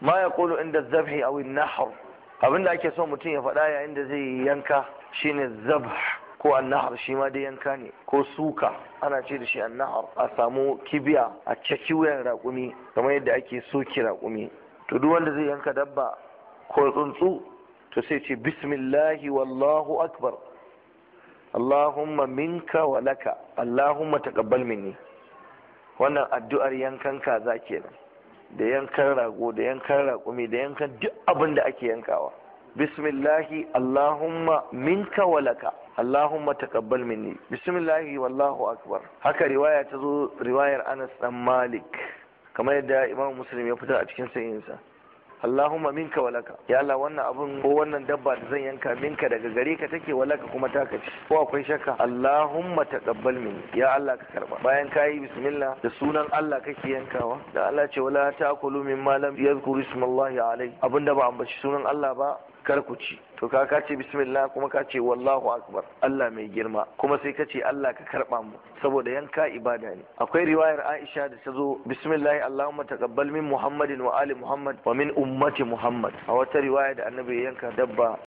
ma Kulu, inda zabhi a an nahar abinda ake so mutum ya faɗa yayin da zai yanka shine zabh ko annahar shi ma dai yanka ne ko suka ana ce da shi annahar a samu kibiya a caki wuyan raƙumi kamar yadda ake soki raƙumi to duk wanda zai yanka dabba ko tsuntsu to sai ce bismillahi wallahu akbar allahumma minka wa laka allahumma taqabbal minni wannan addu'ar yankan kaza kenan da yankan rago da yankan raƙumi da yankan duk abin da ake yankawa bismillahi allahumma minka walaka allahumma taqabbal minni bismillahi wallahu akbar haka riwaya ta zo riwayar anas dan malik kamar yadda imam muslim ya fitar a cikin sayinsa Allahumma minka walaka ya wannan abun ko wannan dabba da zan yanka minka daga gare ka take walaka kuma ta kaci. ko akwai shakka Allahumma taqabbal minni ya Allah ka karba bayan kayi bismillah da sunan Allah kake yankawa da Allah ce wala ta'kulu mimma lam yadhkur ismallahi alai abinda ba ambaci sunan Allah ba kar ku ci to ka ka ce bismillah kuma ka ce wallahu akbar Allah mai girma kuma sai ka ce Allah ka karba mu saboda yanka ibada ne akwai riwayar Aisha da ta zo bismillah Allahumma taqabbal min Muhammadin wa ali Muhammad wa min ummati Muhammad a wata riwaya da annabi yanka dabba